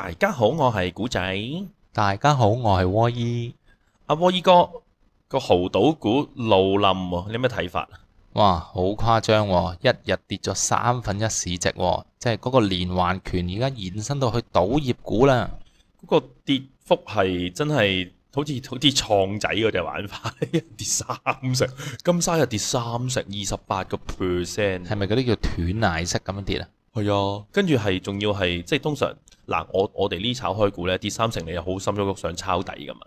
大家好，我係古仔。大家好，我係窩依。阿窩依哥，個濠賭股露冧、哦，你有咩睇法？哇，好誇張、哦，一日跌咗三分一市值、哦，即係嗰個連環權而家延伸到去賭業股啦。嗰個跌幅係真係好似好似創仔嗰隻玩法， 一跌三成，金沙又跌三成二十八個 percent，係咪嗰啲叫斷崖式咁樣跌啊？係啊，跟住係，仲要係即係通常嗱，我我哋呢炒開股呢，跌三成，你又好心喐喐，想抄底噶嘛？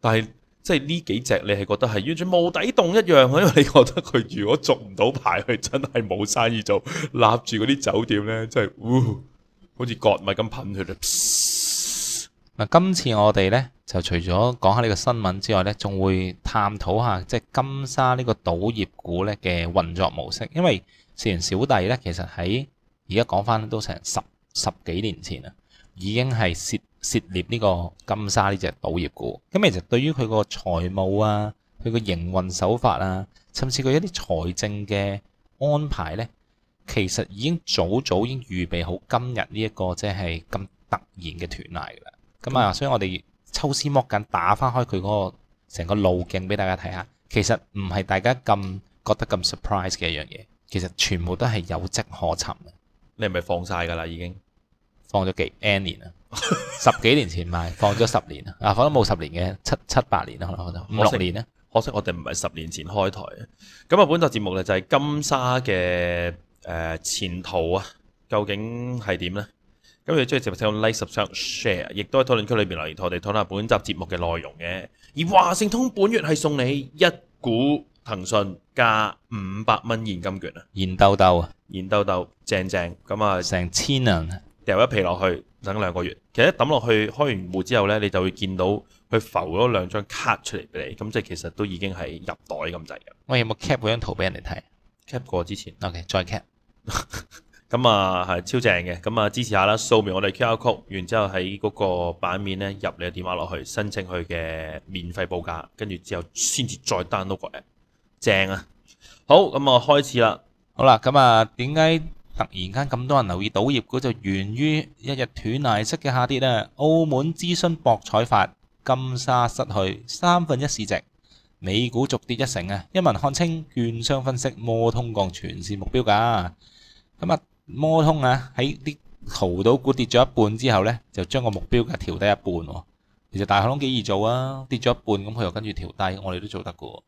但係即係呢幾隻你係覺得係完全冇底洞一樣，因為你覺得佢如果續唔到牌，佢真係冇生意做，立住嗰啲酒店呢，真係嗚，好似割麥咁噴佢。嗱，今次我哋呢，就除咗講下呢個新聞之外呢，仲會探討下即係金沙呢個賭業股呢嘅運作模式，因為事緣小弟呢，其實喺。而家講翻都成十十幾年前啦，已經係涉涉獵呢個金沙呢隻賭業股。咁其實對於佢個財務啊、佢個營運手法啊，甚至佢一啲財政嘅安排呢，其實已經早早已經預備好今日呢一個即係咁突然嘅斷崖啦。咁、嗯、啊，所以我哋抽絲剝繭打翻開佢嗰個成個路徑俾大家睇下，其實唔係大家咁覺得咁 surprise 嘅一樣嘢，其實全部都係有跡可尋。你係咪放晒噶啦，已經放咗幾 N 年啦， 十幾年前買，放咗十年啦，啊，可能冇十年嘅，七七八年啦，可能五，五惜六年咧。可惜我哋唔係十年前開台嘅。咁啊，本集節目咧就係、是、金沙嘅誒、呃、前途啊，究竟係點咧？咁你中意就請 like subscribe share，u s 亦都喺討論區裏邊留言同我哋討論下本集節目嘅內容嘅。而華盛通本月係送你一股騰訊加五百蚊現金券啊，現兜兜。啊！燃豆豆正正咁啊，成千人掉一皮落去等兩個月，其實一抌落去開完戶之後呢，你就會見到佢浮咗兩張卡出嚟俾你，咁即係其實都已經係入袋咁滯嘅。我有冇 cap 嗰張圖俾人哋睇？cap 過之前，OK，再 cap。咁 啊，係超正嘅，咁啊支持下啦，掃描我哋 QR code，然之後喺嗰個版面呢，入你嘅電話落去申請佢嘅免費報價，跟住之後先至再 download 過嚟，正啊！好，咁啊開始啦。好啦，咁啊，點解突然間咁多人留意賭業股？就源於一日斷崖式嘅下跌啊！澳門諮詢博彩法金沙失去三分一市值，美股續跌一成啊！一文看清，券商分析摩通降全線目標㗎。咁啊，摩通啊，喺啲淘到股跌咗一半之後咧，就將個目標價調低一半。其實大行幾易做啊，跌咗一半咁，佢又跟住調低，我哋都做得㗎。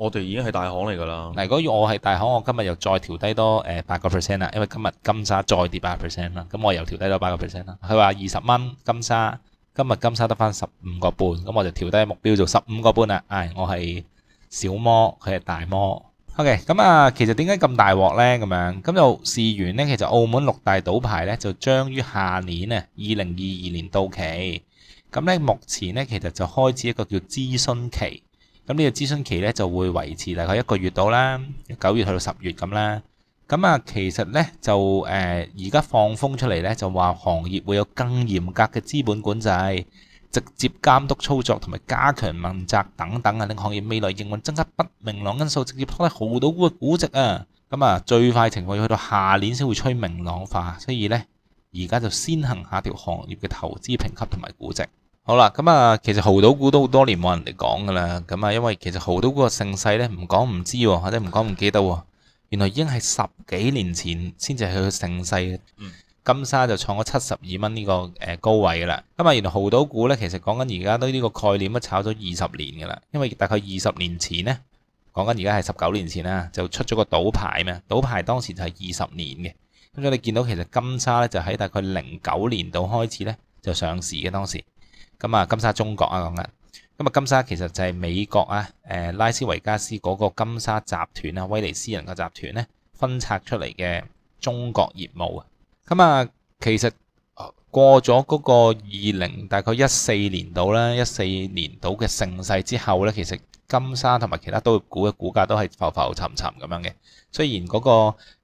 我哋已經係大行嚟㗎啦。如果我係大行，我今日又再調低多誒八個 percent 啦，因為今日金沙再跌八個 percent 啦，咁我又調低咗八個 percent 啦。佢話二十蚊金沙，今日金沙得返十五個半，咁我就調低目標做十五個半啦。唉、哎，我係小摩，佢係大摩。OK，咁啊，其實點解咁大鑊呢？咁樣咁就事源咧，其實澳門六大賭牌呢，就將於下年啊，二零二二年到期。咁呢，目前呢，其實就開始一個叫諮詢期。咁呢個諮詢期咧就會維持大概一個月到啦，九月去到十月咁啦。咁啊，其實咧就誒而家放風出嚟咧，就話行業會有更嚴格嘅資本管制、直接監督操作同埋加強問責等等啊。令行業未來營運增加不明朗因素，直接拖得好到股嘅估值啊。咁啊，最快情況要去到下年先會趨明朗化，所以咧而家就先行下調行業嘅投資評級同埋估值。好啦，咁啊，其實濠賭股都好多年冇人嚟講噶啦。咁啊，因為其實濠賭股嘅盛世咧，唔講唔知，或者唔講唔記得，原來已經係十幾年前先至係佢盛世。嗯、金沙就創咗七十二蚊呢個誒高位噶啦。咁啊，原來濠賭股咧，其實講緊而家都呢個概念都炒咗二十年噶啦。因為大概二十年前咧，講緊而家係十九年前啦，就出咗個賭牌咩？賭牌當時就係二十年嘅。咁所以你見到其實金沙咧就喺大概零九年度開始咧就上市嘅當時。咁啊，金沙中國啊咁嘅。咁啊，金沙其實就係美國啊，誒拉斯維加斯嗰個金沙集團啊，威尼斯人嘅集團咧分拆出嚟嘅中國業務啊。咁啊，其實過咗嗰個二零大概一四年度咧，一四年度嘅盛世之後咧，其實金沙同埋其他都股嘅股價都係浮浮沉沉咁樣嘅。雖然嗰個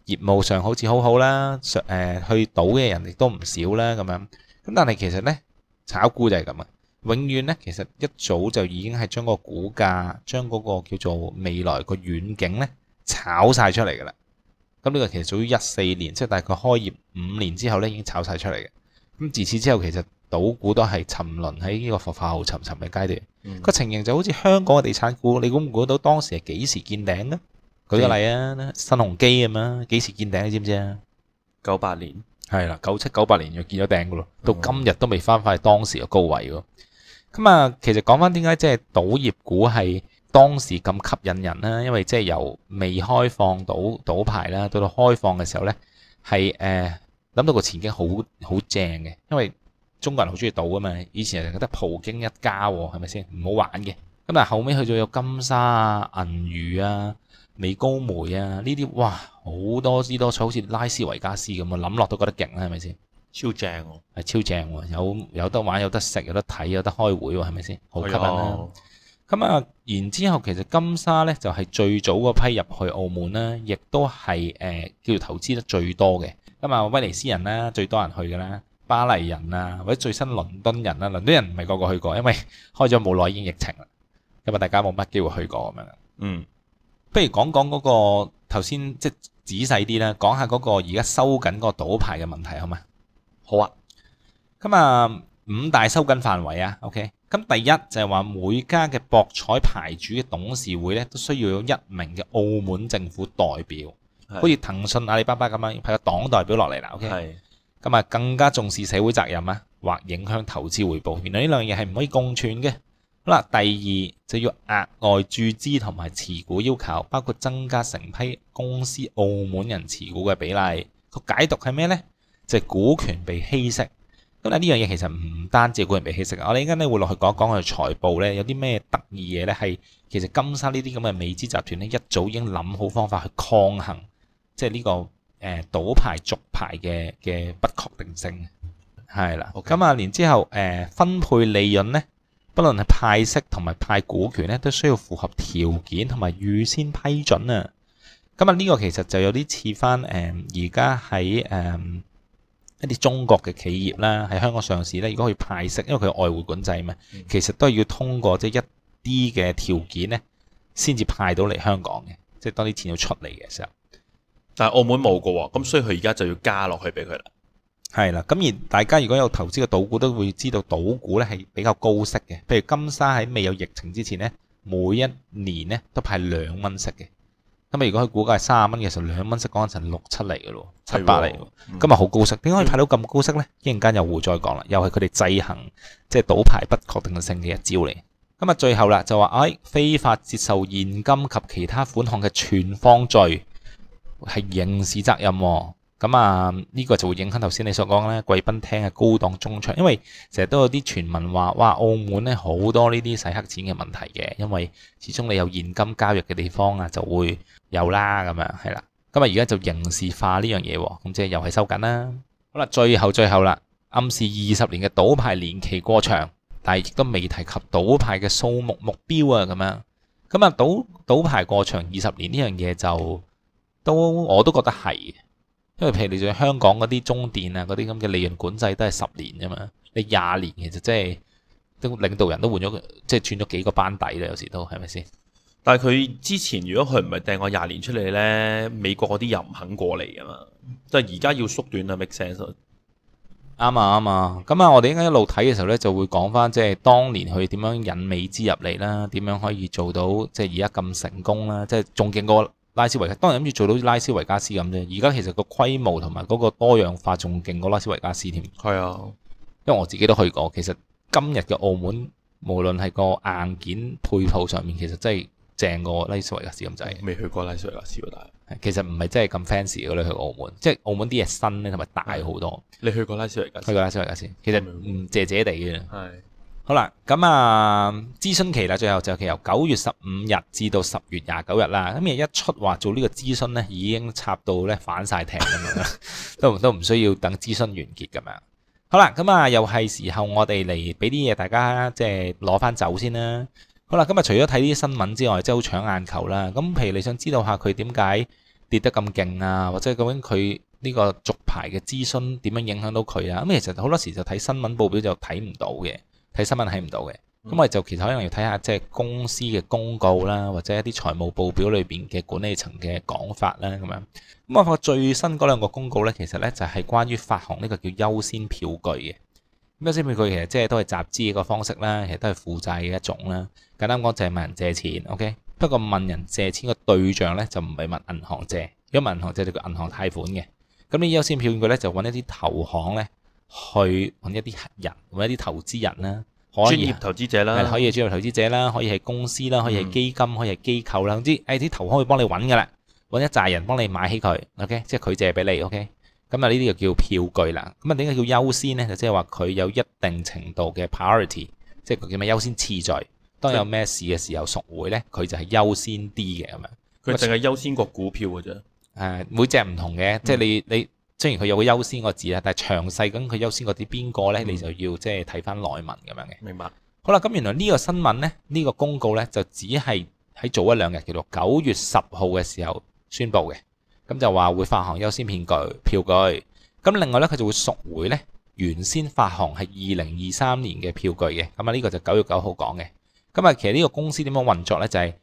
業務上好似好好啦，誒去賭嘅人亦都唔少啦咁樣，咁但係其實咧。炒股就係咁啊，永遠呢，其實一早就已經係將個股價，將嗰個叫做未來個遠景呢炒晒出嚟噶啦。咁、這、呢個其實早於一四年，即係大概開業五年之後呢已經炒晒出嚟嘅。咁自此之後，其實賭股都係沉淪喺呢個浮浮沉沉嘅階段。個、嗯、情形就好似香港嘅地產股，你估唔估到當時係幾時見頂呢？舉個例啊，的新鴻基咁樣，幾時見頂你知唔知啊？九八年。係啦，九七九八年就見咗頂噶咯，到今日都未翻翻去當時嘅高位咯。咁啊，其實講翻點解即係賭業股係當時咁吸引人啦？因為即係由未開放賭賭牌啦，到到開放嘅時候咧，係誒諗到個前景好好正嘅，因為中國人好中意賭啊嘛。以前係覺得葡京一家喎，係咪先？唔好玩嘅？咁但後尾去咗有金沙啊、銀娛啊、美高梅啊呢啲，哇！好多姿多彩，好似拉斯維加斯咁啊！諗落都覺得勁啦，係咪先？超正喎，哦，超正喎！有有得玩，有得食，有得睇，有得開會喎，係咪先？好吸引啦！咁啊，哎、呦然之後其實金沙呢，就係、是、最早嗰批入去澳門啦，亦都係誒叫做投資得最多嘅。咁啊，威尼斯人啦最多人去嘅啦，巴黎人啊或者最新倫敦人啊，倫敦人唔係個個去過，因為開咗冇耐已經疫情啊，咁啊，大家冇乜機會去過咁樣。嗯，不如講講嗰個頭先即。即仔細啲啦，講下嗰個而家收緊嗰個賭牌嘅問題，好嘛？好啊，咁啊五大收緊範圍啊，OK，咁第一就係話每家嘅博彩牌主嘅董事會咧，都需要有一名嘅澳門政府代表，好似是騰訊、阿里巴巴咁樣派個黨代表落嚟啦，OK，咁啊是更加重視社會責任啊，或影響投資回報，原來呢兩樣嘢係唔可以共存嘅。嗱，第二就要額外注資同埋持股要求，包括增加成批公司澳門人持股嘅比例。個解讀係咩呢？就係、股權被稀釋。咁呢樣嘢其實唔單止股權被稀釋，我哋依家咧會落去講一講佢財報呢有啲咩得意嘢呢？係其實金沙呢啲咁嘅美資集團呢，一早已經諗好方法去抗衡，即係呢個誒、呃、倒牌續牌嘅嘅不確定性。係啦，咁啊 Okay.，然之後誒分配利潤呢，不論係派息同埋派股權咧，都需要符合條件同埋預先批准啊。咁啊，呢個其實就有啲似翻誒，而家喺誒一啲中國嘅企業啦，喺香港上市咧，如果可以派息，因為佢係外匯管制嘛，嗯、其實都要通過即係一啲嘅條件咧，先至派到嚟香港嘅，即係當啲錢要出嚟嘅時候。但係澳門冇噶，咁所以佢而家就要加落去俾佢啦。係啦，咁而大家如果有投資嘅賭股，都會知道賭股咧係比較高息嘅。譬如金沙喺未有疫情之前呢，每一年呢都派兩蚊息嘅。咁啊，如果佢估計三十蚊嘅時候，兩蚊息講成六七厘嘅咯，七八厘。咁咪，好高息，點解可以派到咁高息呢？一陣間又會再講啦，又係佢哋制衡，即係賭牌不確定性嘅一招嚟。咁啊，最後啦就話，哎，非法接受現金及其他款項嘅全方罪係刑事責任啊。咁啊，呢個就會影響頭先你所講呢，貴賓廳嘅高檔中場，因為成日都有啲傳聞話，哇，澳門呢好多呢啲洗黑錢嘅問題嘅，因為始終你有現金交易嘅地方啊，就會有啦，咁樣係啦。咁啊，而家就刑事化呢樣嘢，咁即係又係收緊啦。好啦，最後最後啦，暗示二十年嘅賭牌年期過長，但係亦都未提及賭牌嘅數目目標啊，咁樣咁啊，賭賭牌過長二十年呢樣嘢就都我都覺得係。因為譬如你仲香港嗰啲中電啊，嗰啲咁嘅利潤管制都係十年啫嘛，你廿年其實即係都領導人都換咗，即係轉咗幾個班底啦，有時都係咪先？是是但係佢之前如果佢唔係掟我廿年出嚟呢，美國嗰啲又唔肯過嚟㗎嘛，即係而家要縮短啊 ，make sense 啱啊，啱啊，咁啊、嗯嗯嗯嗯嗯嗯、我哋應該一路睇嘅時候呢，就會講翻即係當年佢點樣引美資入嚟啦，點樣可以做到即係而家咁成功啦，即係仲勁過。拉斯維加斯當然諗住做到拉斯維加斯咁啫，而家其實個規模同埋嗰個多樣化仲勁過拉斯維加斯添。係啊的，因為我自己都去過，其實今日嘅澳門無論係個硬件配套上面，其實真係正過拉斯維加斯咁滯。未去過拉斯維加斯喎，但係其實唔係真係咁 fancy 嘅，你去澳門，即係澳門啲嘢新咧同埋大好多。你去過拉斯維加斯？去過拉斯維加斯，其實唔謝謝地嘅。係。好啦，咁啊諮詢期啦，最後就係由九月十五日至到十月廿九日啦。咁日 一出話做個諮詢呢個諮詢咧，已經插到咧反晒艇咁樣啦，都唔都唔需要等諮詢完結咁樣。好啦，咁啊又係時候我哋嚟俾啲嘢大家即係攞翻走先啦。好啦，咁啊除咗睇啲新聞之外，即係好搶眼球啦。咁譬如你想知道下佢點解跌得咁勁啊，或者究竟佢呢個續牌嘅諮詢點樣影響到佢啊？咁其實好多時就睇新聞報表就睇唔到嘅。睇新聞睇唔到嘅，咁我哋就其實可能要睇下即係、就是、公司嘅公告啦，或者一啲財務報表裏邊嘅管理層嘅講法啦，咁樣。咁我發最新嗰兩個公告咧，其實咧就係、是、關於發行呢個叫優先票據嘅。優先票據其實即係都係集資嘅一個方式啦，其實都係負債嘅一種啦。簡單講就係問人借錢，OK？不過問人借錢嘅對象咧就唔係問銀行借，如果問銀行借就叫銀行貸款嘅。咁呢優先票據咧就搵一啲投行咧。去搵一啲人，搵一啲投資人啦，可以專業投資者啦，可以專業投資者啦，可以係公司啦，可以係基金，嗯、可以係機構啦，總之，誒，啲投可以幫、哎、你搵噶啦，搵一紮人幫你買起佢，OK，即係佢借俾你，OK，咁啊呢啲就叫票據啦，咁啊點解叫優先咧？就即係話佢有一定程度嘅 priority，即係佢叫咩優先次序，當有咩事嘅時候贖回咧，佢就係優先啲嘅咁樣。佢淨係優先過股票噶咋？誒，嗯、每隻唔同嘅，即係你你。嗯雖然佢有個優先個字咧，但係詳細咁佢優先嗰啲邊個呢？嗯、你就要即係睇翻內文咁樣嘅。明白。好啦，咁原來呢個新聞呢，呢、呢個公告呢，就只係喺早一兩日，叫做九月十號嘅時候宣布嘅。咁就話會發行優先騙據票據。咁另外呢，佢就會贖回呢原先發行係二零二三年嘅票據嘅。咁啊，呢個就九月九號講嘅。咁啊，其實呢個公司點樣運作呢？就係、是。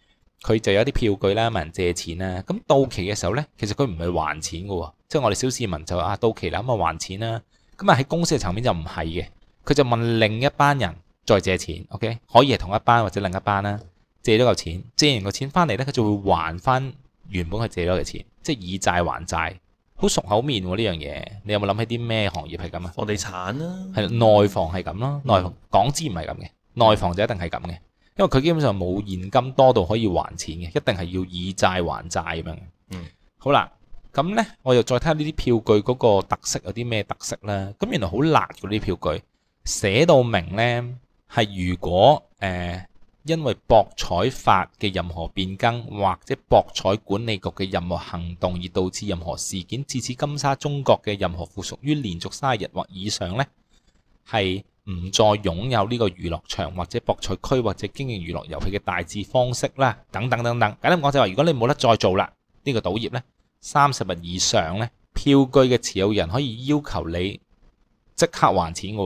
佢就有啲票據啦，問人借錢啦，咁到期嘅時候呢，其實佢唔係還錢嘅喎，即係我哋小市民就啊到期啦，咁啊還錢啦，咁啊喺公司嘅層面就唔係嘅，佢就問另一班人再借錢，OK，可以係同一班或者另一班啦，借咗嚿錢，借完個錢翻嚟呢，佢就會還翻原本佢借咗嘅錢，即係以債還債，好熟口面喎呢樣嘢，你有冇諗起啲咩行業係咁啊？房地產啦，係內房係咁咯，內房港資唔係咁嘅，內房就一定係咁嘅。因為佢基本上冇現金多到可以還錢嘅，一定係要以債還債咁樣。嗯，好啦，咁呢，我又再睇下呢啲票據嗰個特色有啲咩特色啦。咁原來好辣嗰啲票據寫到明呢，係如果誒、呃、因為博彩法嘅任何變更或者博彩管理局嘅任何行動而導致任何事件，致使金沙中國嘅任何附屬於連續三十日或以上呢，係。唔再擁有呢個娛樂場或者博彩區或者經營娛樂遊戲嘅大致方式啦，等等等等。簡單講就係，如果你冇得再做啦，呢個賭業呢，三十日以上呢，票據嘅持有人可以要求你即刻還錢㗎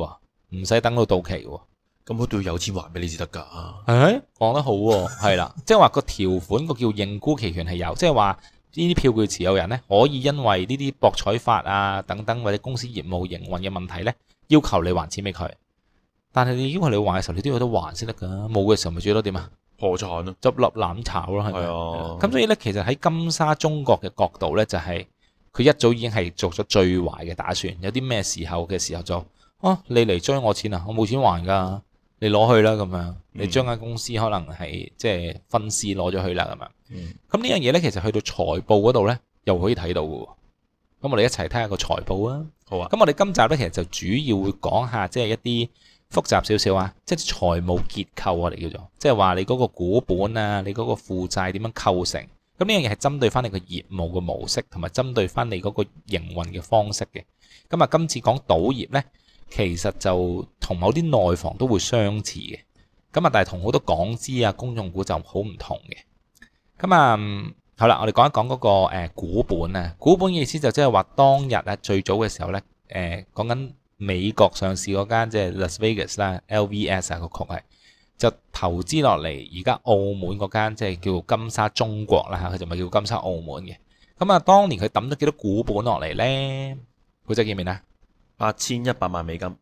喎，唔使等到到期㗎喎。咁佢都要有錢還俾你至得㗎啊！誒，講得好喎，係啦，即係話個條款個叫認沽期權係有，即係話呢啲票據持有人呢，可以因為呢啲博彩法啊等等或者公司業務營運嘅問題呢，要求你還錢俾佢。但係，因為你還嘅時候，你都要有得還先得㗎。冇嘅時候，咪最多點啊？破產咯，執笠攬炒咯，係啊。咁所以咧，其實喺金沙中國嘅角度咧，就係、是、佢一早已經係做咗最壞嘅打算。有啲咩時候嘅時候就哦、啊，你嚟追我錢啊，我冇錢還㗎，你攞去啦咁樣。嗯、你將間公司可能係即係分屍攞咗去啦咁樣。咁、嗯、呢樣嘢咧，其實去到財報嗰度咧，又可以睇到㗎喎。咁我哋一齊睇下個財報啊。好啊。咁我哋今集咧，其實就主要會講下即係一啲。複雜少少啊，即係財務結構我哋叫做，即係話你嗰個股本啊，你嗰個負債點樣構成，咁呢樣嘢係針對翻你個業務嘅模式，同埋針對翻你嗰個營運嘅方式嘅。咁啊，今次講賭業呢，其實就同某啲內房都會相似嘅。咁啊，但係同好多港資啊、公用股就好唔同嘅。咁啊、嗯，好啦，我哋講一講嗰、那個、呃、股本啊，股本意思就即係話當日啊最早嘅時候呢，誒、呃、講緊。美國上市嗰間即係 Las Vegas 啦，LVS 啊個曲係就投資落嚟，而家澳門嗰間即係叫金沙中國啦嚇，佢就咪叫金沙澳門嘅。咁啊，當年佢抌咗幾多股本落嚟咧？好仔見唔見啊？八千一百萬美金，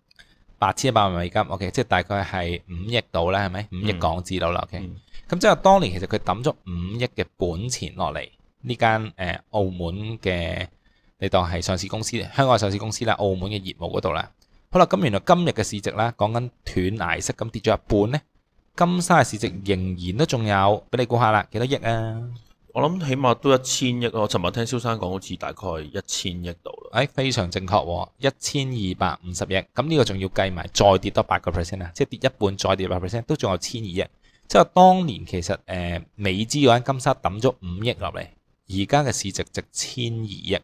八千一百萬美金，OK，即係大概係五億到咧，係咪？五億港紙到啦，OK、嗯。咁即係當年其實佢抌咗五億嘅本錢落嚟呢間誒澳門嘅。你當係上市公司，香港上市公司啦，澳門嘅業務嗰度啦。好啦，咁原來今日嘅市值啦，講緊斷崖式咁跌咗一半呢。金沙嘅市值仍然都仲有，俾你估下啦，幾多億啊？我諗起碼都一千億。我尋日聽蕭生講，好似大概一千億度，啦、哎。非常正確喎，一千二百五十億。咁呢個仲要計埋，再跌多八個 percent 啊，即係跌一半，再跌百 percent 都仲有千二億。即係當年其實誒、呃、美資間金沙抌咗五億落嚟，而家嘅市值值千二億。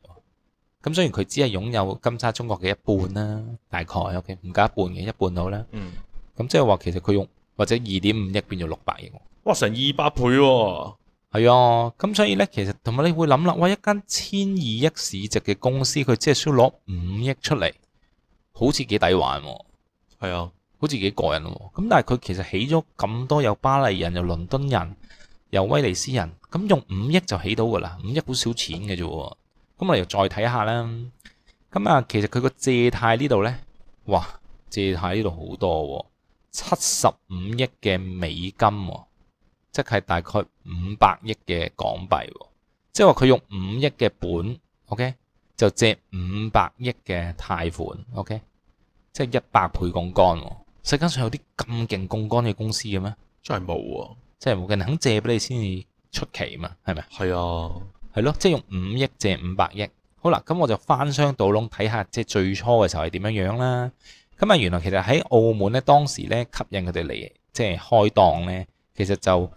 咁雖然佢只係擁有金沙中國嘅一半啦、啊，大概 OK，唔加一半嘅，一半好啦。咁即係話其實佢用或者二點五億變咗六百億。哇！成二百倍喎。係啊，咁、啊、所以呢，其實同埋你會諗啦，哇！一間千二億市值嘅公司，佢只係要攞五億出嚟，好似幾抵玩喎。係啊，好似幾過癮喎。咁但係佢其實起咗咁多，有巴黎人又倫敦人又威尼斯人，咁用五億就起到㗎啦。五億好少錢嘅啫。咁我哋又再睇下啦，咁啊，其實佢個借貸呢度呢，哇，借貸呢度好多，哦，七十五億嘅美金，哦，即係大概五百億嘅港幣，哦，即係話佢用五億嘅本，OK，就借五百億嘅貸款，OK，即係一百倍槓桿，哦。世界上有啲咁勁槓桿嘅公司嘅咩？真係冇，啊，即係冇人肯借俾你先至出奇嘛，係咪？係啊。係咯，即係用五億借五百億。好啦，咁、嗯、我就翻箱倒籠睇下，即係最初嘅時候係點樣樣啦。咁啊，原來其實喺澳門咧，當時咧吸引佢哋嚟即係開檔咧，其實就誒、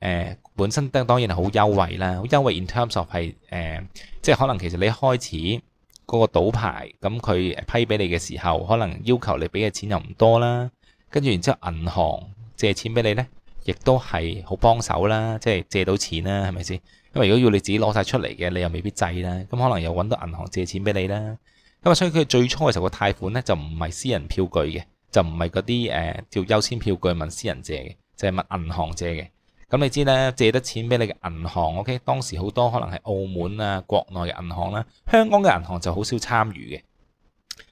呃、本身當然係好優惠啦，好優惠。In terms of 係誒、呃，即係可能其實你一開始嗰個賭牌咁，佢批俾你嘅時候，可能要求你俾嘅錢又唔多啦。跟住然之後，銀行借錢俾你咧，亦都係好幫手啦，即係借到錢啦，係咪先？因為如果要你自己攞晒出嚟嘅，你又未必制啦，咁可能又揾到銀行借錢俾你啦。咁啊，所以佢最初嘅時候個貸款呢，就唔係私人票據嘅，就唔係嗰啲誒叫優先票據問私人借嘅，就係問銀行借嘅。咁你知啦，借得錢俾你嘅銀行，OK，當時好多可能係澳門啊、國內嘅銀行啦，香港嘅銀行就好少參與嘅，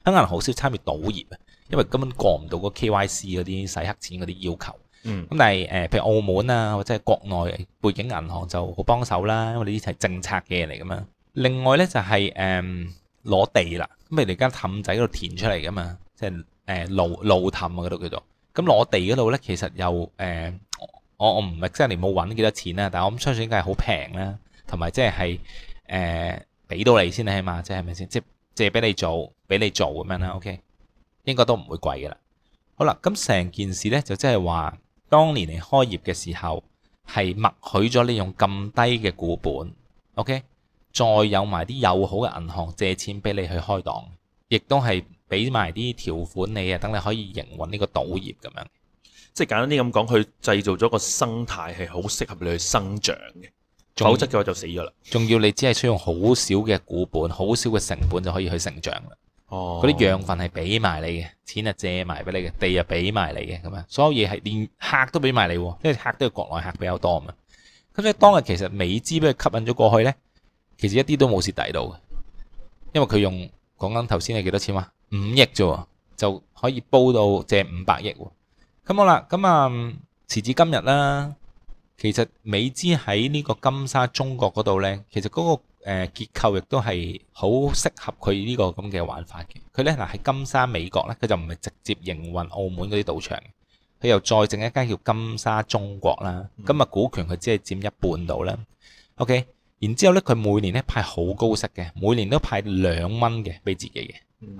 香港人好少參與賭業，因為根本過唔到個 KYC 嗰啲洗黑錢嗰啲要求。嗯，咁但係誒，譬、呃、如澳門啊，或者係國內背景銀行就好幫手啦，因為我哋依啲係政策嘅嘢嚟噶嘛。另外咧就係誒攞地啦，咁你如而家氹仔嗰度填出嚟噶嘛，即係誒、呃、路路氹啊嗰度叫做。咁、嗯、攞地嗰度咧其實又誒、呃，我我唔係即係冇揾幾多錢啦，但係我諗相信應該係好平啦，同埋即係誒俾到你先啦，起碼即係係咪先？即係借俾你做，俾你做咁樣啦，OK，應該都唔會貴噶啦。好啦，咁成件事咧就即係話。當年你開業嘅時候，係默許咗你用咁低嘅股本，OK，再有埋啲友好嘅銀行借錢俾你去開檔，亦都係俾埋啲條款你啊，等你可以營運呢個賭業咁樣。即係簡單啲咁講，佢製造咗個生態係好適合你去生長嘅，還否則嘅話就死咗啦。仲要你只係使用好少嘅股本、好少嘅成本就可以去成長啦。嗰啲養分係俾埋你嘅，錢係借埋俾你嘅，地啊俾埋你嘅，咁啊，所有嘢係連客都俾埋你，因為客都係國內客比較多啊嘛。咁所以當日其實美資俾佢吸引咗過去咧，其實一啲都冇蝕底到嘅，因為佢用講緊頭先係幾多錢嘛，五億啫，就可以煲到借五百億。咁好啦，咁啊，時至今日啦。其實美資喺呢個金沙中國嗰度咧，其實嗰個誒結構亦都係好適合佢呢個咁嘅玩法嘅。佢咧嗱喺金沙美國咧，佢就唔係直接營運澳門嗰啲賭場，佢又再整一間叫金沙中國啦。咁啊股權佢只係佔一半到啦。OK，然之後咧佢每年咧派好高息嘅，每年都派兩蚊嘅俾自己嘅。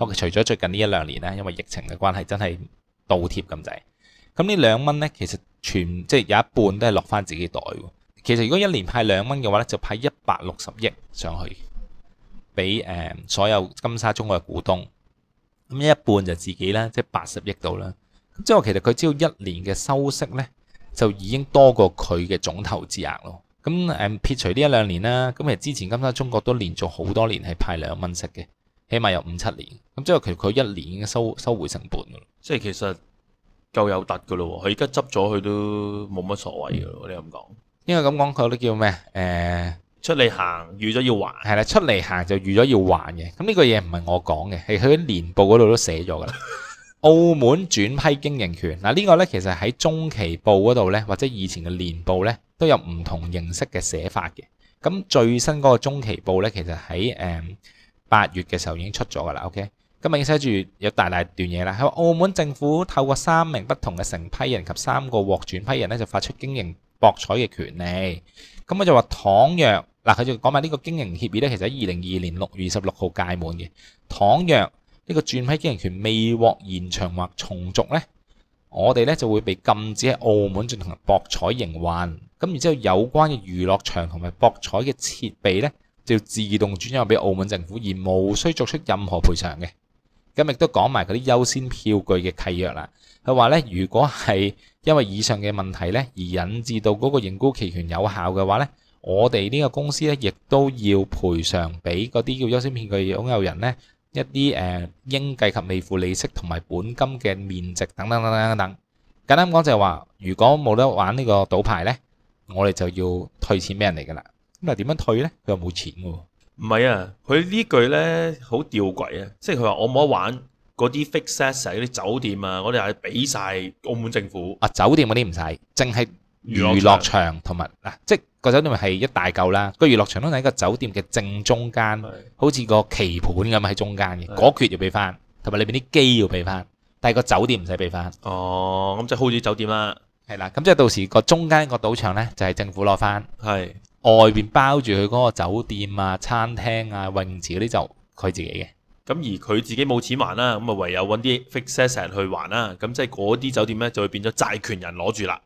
OK，除咗最近呢一兩年咧，因為疫情嘅關係，真係倒貼咁滯。咁呢兩蚊呢，其實全即係有一半都係落翻自己袋喎。其實如果一年派兩蚊嘅話呢，就派一百六十億上去，俾誒、嗯、所有金沙中國嘅股東。咁、嗯、一半就自己咧，即係八十億度啦。即係其實佢只要一年嘅收息呢，就已經多過佢嘅總投資額咯。咁、嗯、誒撇除呢一兩年啦，咁其實之前金沙中國都連續好多年係派兩蚊息嘅，起碼有五七年。咁即係其實佢一年已經收收回成本㗎。即係其實。夠有突噶咯，佢而家執咗佢都冇乜所謂嘅，你咁講。因為咁講佢都叫咩？誒，出嚟行預咗要還係啦，出嚟行就預咗要還嘅。咁呢個嘢唔係我講嘅，係佢喺年報嗰度都寫咗噶啦。澳門轉批經營權嗱，呢個呢其實喺中期報嗰度呢，或者以前嘅年報呢都有唔同形式嘅寫法嘅。咁最新嗰個中期報呢，其實喺誒八月嘅時候已經出咗噶啦。OK。咁，日寫住有大大段嘢啦，喺澳門，政府透過三名不同嘅承批人及三個獲轉批人咧，就發出經營博彩嘅權利。咁我就話，倘若嗱，佢就講埋呢個經營協議咧，其實喺二零二二年六月二十六號屆滿嘅。倘若呢個轉批經營權未獲延長或重續咧，我哋咧就會被禁止喺澳門進行博彩營運。咁然之後有關嘅娛樂場同埋博彩嘅設備咧，就要自動轉讓俾澳門政府，而無需作出任何賠償嘅。咁今日都講埋嗰啲優先票據嘅契約啦。佢話咧，如果係因為以上嘅問題咧，而引致到嗰個認沽期權有效嘅話咧，我哋呢個公司咧，亦都要賠償俾嗰啲叫優先票據擁有人咧一啲誒應計及未付利息同埋本金嘅面值等等等等等等。簡單講就係話，如果冇得玩呢個賭牌咧，我哋就要退錢俾人嚟㗎啦。咁又點樣退咧？佢又冇錢㗎喎。唔係啊！佢呢句咧好吊詭啊！即係佢話我冇得玩嗰啲 fixer 嗰啲酒店啊！我哋係俾晒澳門政府啊！酒店嗰啲唔使，淨係娛樂場同埋嗱，即係、個酒店係一大嚿啦。個娛樂場都喺個酒店嘅正中間，是好似個棋盤咁喺中間嘅，嗰橛是要俾翻，同埋裏邊啲機要俾翻，但係個酒店唔使俾翻。哦，咁、嗯、就好似酒店啦。係啦、啊，咁即係到時個中間個賭場咧就係、是、政府攞翻。係是。外邊包住佢嗰個酒店啊、餐廳啊、泳池嗰啲就佢自己嘅。咁，而佢自己冇錢還啦，咁啊唯有揾啲 fixers 人去還啦。咁即係嗰啲酒店呢就會變咗債權人攞住啦。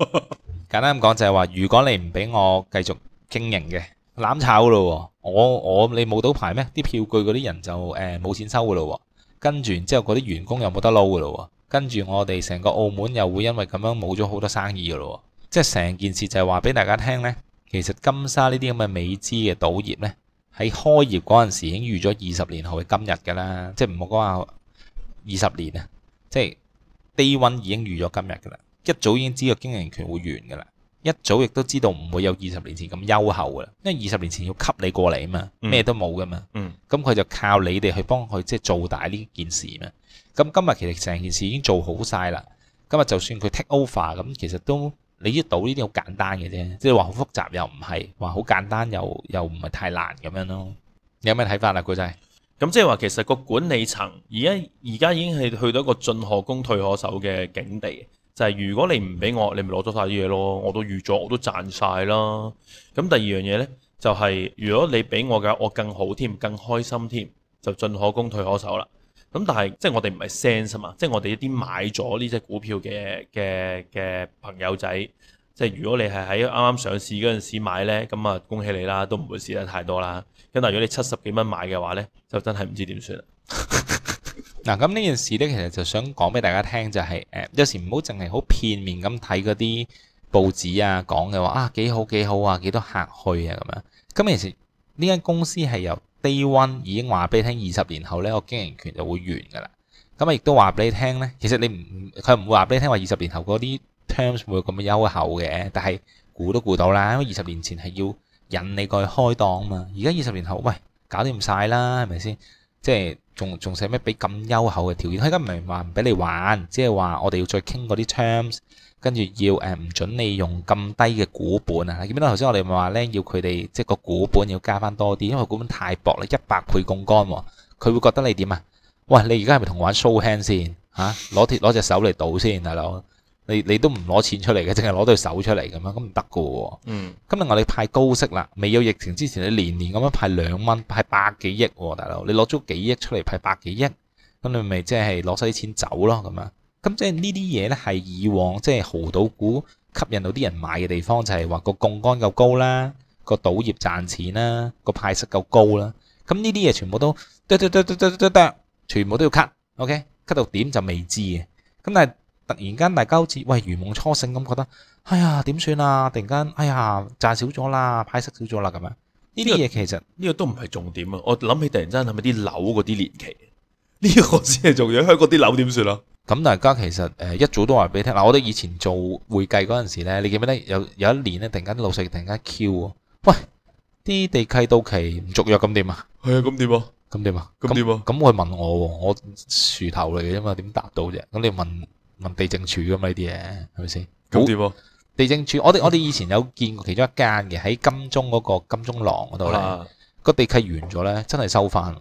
簡單咁講就係、是、話，如果你唔俾我繼續經營嘅攬炒咯，我我你冇到牌咩？啲票據嗰啲人就誒冇、欸、錢收噶咯。跟住然之後嗰啲員工又冇得撈噶咯。跟住我哋成個澳門又會因為咁樣冇咗好多生意噶咯。即係成件事就係話俾大家聽呢。其實金沙呢啲咁嘅美資嘅賭業呢，喺開業嗰陣時已經預咗二十年後嘅今日㗎啦，即係唔好講話二十年啊，即係 day one 已經預咗今日㗎啦，一早已經知道經營權會完㗎啦，一早亦都知道唔會有二十年前咁優厚㗎啦，因為二十年前要吸你過嚟啊嘛，咩都冇㗎嘛，咁佢、嗯嗯、就靠你哋去幫佢即係做大呢件事嘛，咁今日其實成件事已經做好晒啦，今日就算佢 take over 咁，其實都。你一度呢啲好簡單嘅啫，即係話好複雜又唔係話好簡單又又唔係太難咁樣咯。你有咩睇法啊，巨仔？咁即係話其實個管理層而家而家已經係去到一個進可攻退可守嘅境地，就係如果你唔俾我，你咪攞咗晒啲嘢咯，我都預咗，我都賺晒咯。咁第二樣嘢呢，就係如果你俾我嘅，我更好添，更開心添，就進可攻退可守啦。咁但係即係我哋唔係 sense 啊嘛，即係我哋一啲買咗呢隻股票嘅嘅嘅朋友仔，即係如果你係喺啱啱上市嗰陣時買呢，咁啊恭喜你啦，都唔會蝕得太多啦。咁但如果你七十幾蚊買嘅話呢，就真係唔知點算啦。嗱，咁呢件事呢，其實就想講俾大家聽就係，誒，有時唔好淨係好片面咁睇嗰啲報紙啊講嘅話啊，幾好幾好啊，幾多客去啊咁樣。咁其實呢間公司係由。Day One 已經話俾你聽，二十年後呢個經營權就會完㗎啦。咁啊，亦都話俾你聽呢，其實你唔，佢唔會話俾你聽話二十年後嗰啲 terms 會咁優厚嘅。但係估都估到啦，因為二十年前係要引你過去開檔嘛。而家二十年後，喂搞掂晒啦，係咪先？即係仲仲使咩俾咁優厚嘅條件？佢而家唔係話唔俾你玩，即係話我哋要再傾嗰啲 terms。.跟住要誒唔准你用咁低嘅股本啊！見唔見頭先我哋咪話咧，要佢哋即係個股本要加翻多啲，因為股本太薄啦，一百倍槓桿喎，佢會覺得你點啊？喂，你而家係咪同玩 show hand 先嚇？攞鐵攞隻手嚟賭先，大佬，你你都唔攞錢出嚟嘅，淨係攞對手出嚟咁樣，咁唔得噶喎。嗯，今日我哋派高息啦，未有疫情之前，你年年咁樣派兩蚊，派百幾億喎，哦，大佬，你攞咗幾億出嚟派百幾億，咁你咪即係攞晒啲錢走咯，咁啊！咁即係呢啲嘢咧，係以往即係豪賭股吸引到啲人買嘅地方，就係話個槓桿夠高啦，個賭業賺錢啦，個派息夠高啦。咁呢啲嘢全部都剁剁剁剁剁全部都要 cut。OK，cut、okay? 到點就未知嘅。咁但係突然間大家好似，喂如夢初醒咁覺得，哎呀點算啊？突然間，哎呀賺少咗啦，派息少咗啦咁樣。呢啲嘢其實呢、這個這個都唔係重點啊！我諗起突然間係咪啲樓嗰啲年期？呢、這個先係重點。香港啲樓點算啊？咁大家其實誒一早都話俾你聽，嗱，我哋以前做會計嗰陣時咧，你記唔記得有有一年咧，突然間啲老細突然間 call 我，喂，啲地契到期唔續約咁點啊？係啊，咁點啊？咁點啊？咁點啊？咁佢問我，我薯頭嚟嘅啫嘛，點答到啫？咁你問問地政處咁，啊呢啲嘢係咪先？咁點啊？地政處，我哋我哋以前有見過其中一間嘅喺金鐘嗰個金鐘廊嗰度咧，個地契完咗咧，真係收翻。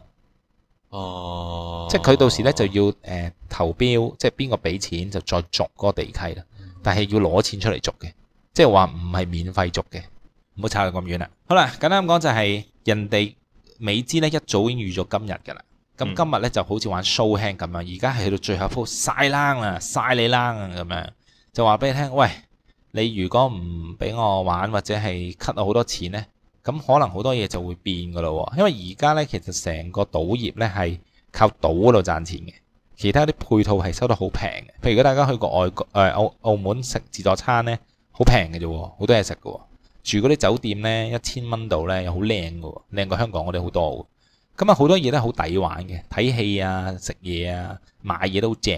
哦、呃，即係佢到時咧就要誒投標，即係邊個俾錢就再續嗰個地契啦，但係要攞錢出嚟續嘅，即係話唔係免費續嘅，唔好差到咁遠啦。好啦，簡單講就係、是、人哋美資咧一早已經預咗今日噶啦，咁今日咧就好似玩 show hand 咁樣，而家係去到最後一幅曬冷啊，曬你冷啊咁樣，就話俾你聽，喂，你如果唔俾我玩或者係 cut 我好多錢咧。咁可能好多嘢就會變噶咯，因為而家呢，其實成個賭業呢係靠賭嗰度賺錢嘅，其他啲配套係收得好平嘅。譬如果大家去過外國誒、呃、澳澳門食自助餐呢，好平嘅啫，好多嘢食嘅。住嗰啲酒店呢，一千蚊度呢，又好靚嘅，靚過香港嗰啲好多嘅。咁啊好多嘢都好抵玩嘅，睇戲啊、食嘢啊、買嘢都正。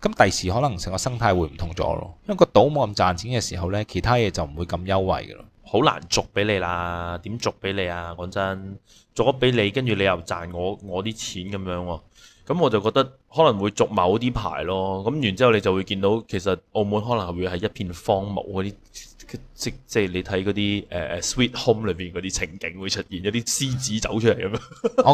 咁第時可能成個生態會唔同咗咯，因為個賭冇咁賺錢嘅時候呢，其他嘢就唔會咁優惠嘅咯。好難續俾你啦，點續俾你啊？講真，續咗俾你，跟住你又賺我我啲錢咁樣喎。咁我就覺得可能會續某啲牌咯。咁然之後你就會見到，其實澳門可能會係一片荒蕪啲，即即係你睇嗰啲誒誒 Sweet Home 裏邊嗰啲情景會出現一啲獅子走出嚟咁樣。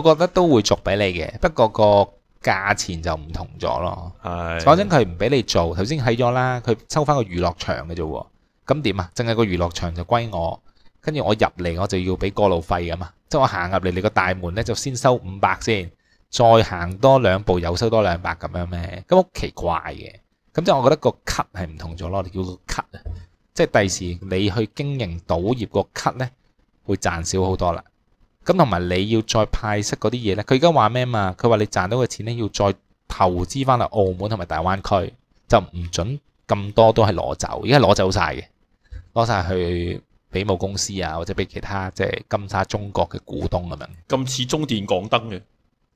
我覺得都會續俾你嘅，不過個價錢就唔同咗咯。係反正，佢唔俾你做，頭先起咗啦，佢收翻個娛樂場嘅啫喎。咁點啊？淨係個娛樂場就歸我，跟住我入嚟我就要俾過路費㗎嘛。即係我行入嚟你個大門咧，就先收五百先，再行多兩步又收多兩百咁樣咩？咁好奇怪嘅。咁即係我覺得個 cut 係唔同咗咯，我哋叫個 cut 即係第時你去經營賭業個 cut 咧會賺少好多啦。咁同埋你要再派息嗰啲嘢咧，佢而家話咩嘛？佢話你賺到嘅錢咧要再投資翻嚟澳門同埋大灣區，就唔準咁多都係攞走，而家攞走晒嘅。攞晒去比母公司啊，或者比其他即係金沙中國嘅股東咁樣。咁似中電港燈嘅，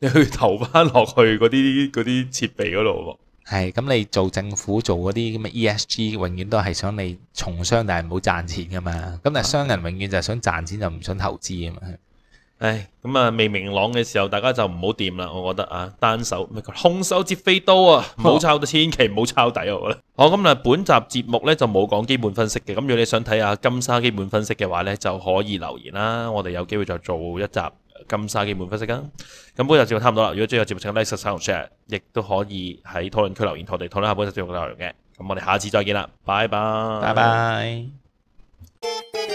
你去投翻落去嗰啲啲設備嗰度喎。係，咁你做政府做嗰啲咁嘅 ESG，永遠都係想你從商，但係唔好賺錢噶嘛。咁的但係商人永遠就係想賺錢，就唔想投資啊嘛。唉，咁啊未明朗嘅時候，大家就唔好掂啦。我覺得啊，單手空手接飛刀啊，唔好抄到千祈唔好抄底啊！我覺得。好咁啊，本集節目呢就冇講基本分析嘅。咁如果你想睇下金沙基本分析嘅話呢，就可以留言啦。我哋有機會再做一集金沙基本分析啊。咁本集節目差唔多啦。如果最後節目請 like、subscribe，亦都可以喺討論區留言同我哋討論下本集節目嘅內容嘅。咁我哋下次再見啦，拜拜。拜拜 Bye bye.。